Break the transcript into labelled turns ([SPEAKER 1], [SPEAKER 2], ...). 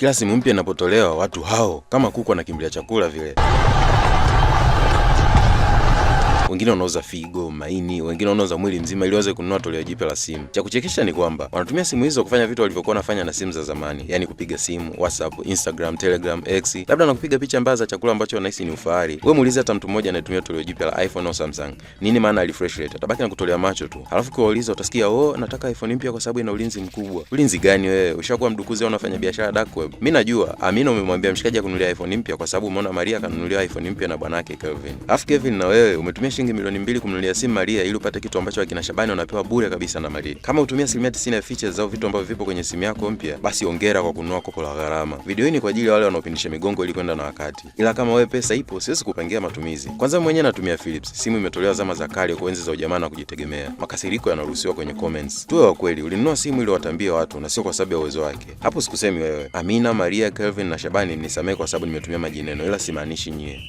[SPEAKER 1] Kila simu mpya inapotolewa, watu hao kama kuku wanakimbilia chakula vile wengine wanauza figo, maini, wengine wanauza mwili mzima ili waweze kununua toleo jipya la simu. Cha kuchekesha ni kwamba wanatumia simu hizo kufanya vitu walivyokuwa wanafanya na simu za zamani, yani kupiga simu, WhatsApp, Instagram, Telegram, X, labda na kupiga picha mbaya za chakula ambacho wanahisi ni ufahari. Wewe muulize hata mtu mmoja anayetumia toleo jipya la iPhone au Samsung nini maana ya refresh rate, atabaki na kutolea macho tu. Halafu ukiwauliza utasikia, oh, nataka iPhone mpya kwa sababu ina ulinzi mkubwa. Ulinzi gani wewe? Ushakuwa mdukuzi au unafanya biashara dark web? Mimi najua Amina umemwambia mshikaji akununulia iPhone mpya kwa sababu umeona Maria kanunulia iPhone mpya na bwanake Kelvin. Alafu Kelvin na wewe umetumia shilingi milioni mbili kumnunulia simu Maria ili upate kitu ambacho akina Shabani wanapewa bure kabisa na Maria. Kama utumia asilimia 90 ya features au vitu ambavyo vipo kwenye simu yako mpya, basi ongera kwa kununua kopo la gharama. Video hii ni kwa ajili ya wale wanaopindisha migongo ili kwenda na wakati, ila kama wewe pesa ipo, siwezi kupangia matumizi. Kwanza mwenyewe natumia Philips, simu imetolewa zama za kale kwa enzi za ujamaa na kujitegemea. Makasiriko yanaruhusiwa kwenye comments. Tuwe wa kweli, ulinunua simu ili watambie watu na sio kwa sababu ya uwezo wake. Hapo sikusemi wewe. Amina, Maria, Kelvin na Shabani mnisamehe kwa sababu nimetumia majina yenu, ila simaanishi nyie.